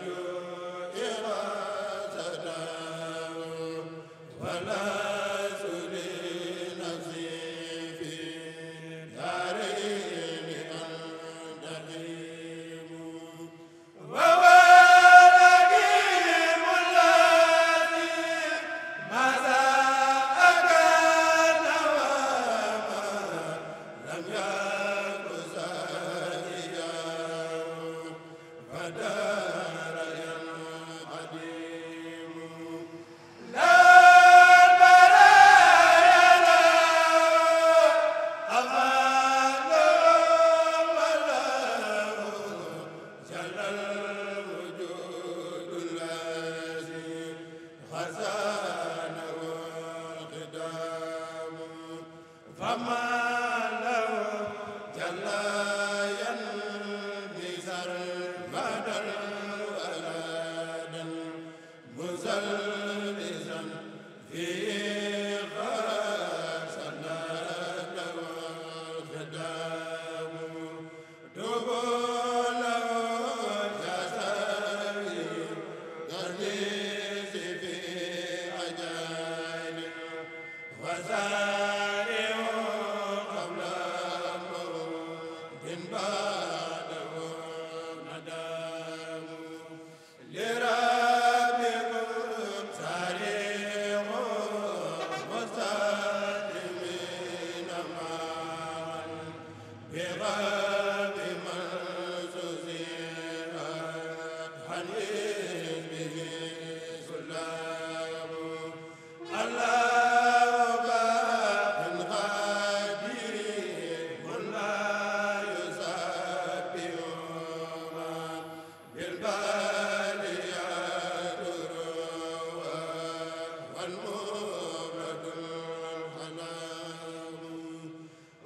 Dieu e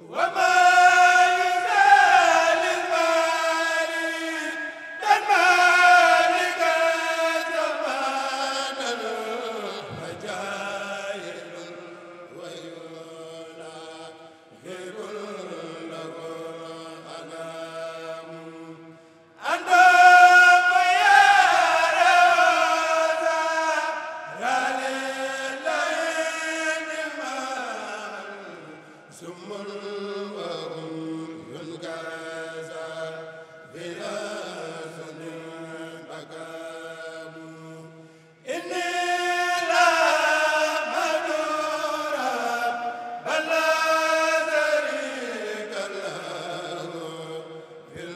wa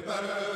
bar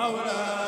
mawla